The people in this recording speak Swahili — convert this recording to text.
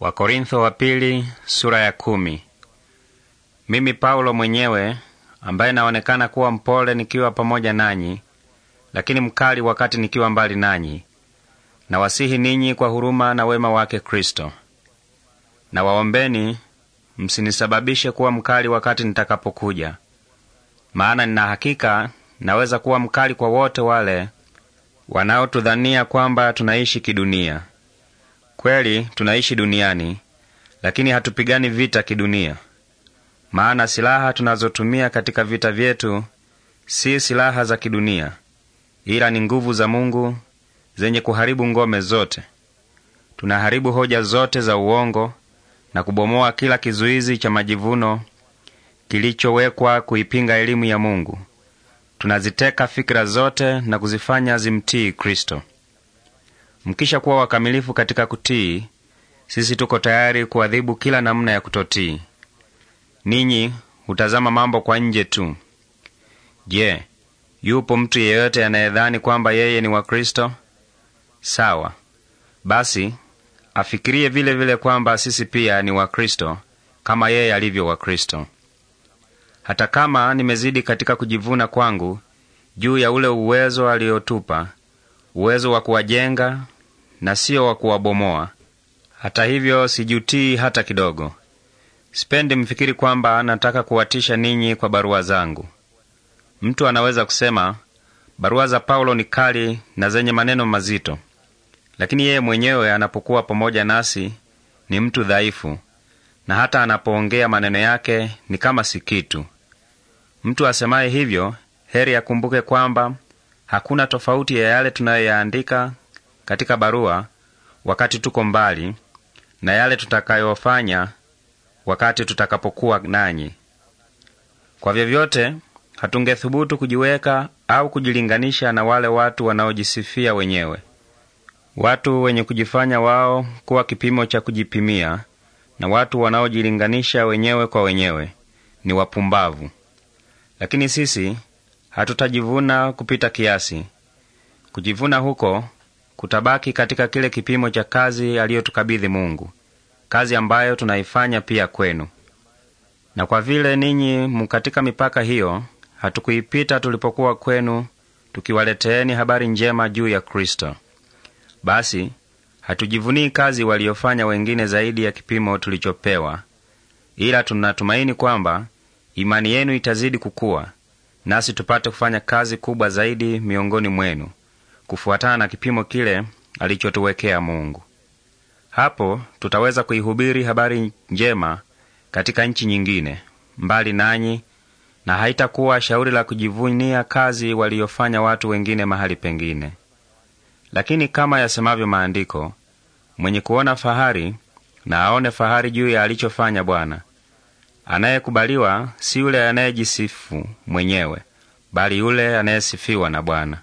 Wakorintho wa pili, sura ya kumi. Mimi Paulo mwenyewe ambaye naonekana kuwa mpole nikiwa pamoja nanyi, lakini mkali wakati nikiwa mbali nanyi, nawasihi ninyi kwa huruma na wema wake Kristo. Na waombeni msinisababishe kuwa mkali wakati nitakapokuja, maana nina hakika naweza kuwa mkali kwa wote wale wanaotudhania kwamba tunaishi kidunia. Kweli tunaishi duniani, lakini hatupigani vita kidunia, maana silaha tunazotumia katika vita vyetu si silaha za kidunia, ila ni nguvu za Mungu zenye kuharibu ngome zote. Tunaharibu hoja zote za uongo na kubomoa kila kizuizi cha majivuno kilichowekwa kuipinga elimu ya Mungu. Tunaziteka fikira zote na kuzifanya zimtii Kristo. Mkisha kuwa wakamilifu katika kutii, sisi tuko tayari kuadhibu kila namna ya kutotii. Ninyi hutazama mambo kwa nje tu. Je, yupo mtu yeyote anayedhani kwamba yeye ni Wakristo? Sawa basi, afikirie vile vile kwamba sisi pia ni Wakristo kama yeye alivyo Wakristo. Hata kama nimezidi katika kujivuna kwangu juu ya ule uwezo aliotupa, uwezo wa kuwajenga na sio wa kuwabomoa. Hata hivyo, sijutii hata kidogo. Sipendi mfikiri kwamba nataka kuwatisha ninyi kwa barua zangu. Mtu anaweza kusema barua za Paulo ni kali na zenye maneno mazito, lakini yeye mwenyewe anapokuwa pamoja nasi ni mtu dhaifu, na hata anapoongea maneno yake ni kama si kitu. Mtu asemaye hivyo heri akumbuke kwamba hakuna tofauti ya yale tunayoyaandika katika barua, wakati tuko mbali, na yale tutakayofanya wakati tutakapokuwa nanyi. Kwa vyovyote, hatungethubutu kujiweka au kujilinganisha na wale watu wanaojisifia wenyewe, watu wenye kujifanya wao kuwa kipimo cha kujipimia, na watu wanaojilinganisha wenyewe kwa wenyewe ni wapumbavu. Lakini sisi hatutajivuna kupita kiasi. Kujivuna huko kutabaki katika kile kipimo cha kazi aliyotukabidhi Mungu, kazi ambayo tunaifanya pia kwenu. Na kwa vile ninyi mkatika mipaka hiyo, hatukuipita tulipokuwa kwenu tukiwaleteeni habari njema juu ya Kristo. Basi hatujivunii kazi waliofanya wengine zaidi ya kipimo tulichopewa, ila tunatumaini kwamba imani yenu itazidi kukua, nasi tupate kufanya kazi kubwa zaidi miongoni mwenu, kufuatana na kipimo kile alichotuwekea Mungu. Hapo tutaweza kuihubiri habari njema katika nchi nyingine mbali nanyi, na haitakuwa shauri la kujivunia kazi waliyofanya watu wengine mahali pengine. Lakini kama yasemavyo Maandiko, mwenye kuona fahari na aone fahari juu ya alichofanya Bwana. Anayekubaliwa si yule anayejisifu mwenyewe, bali yule anayesifiwa na Bwana.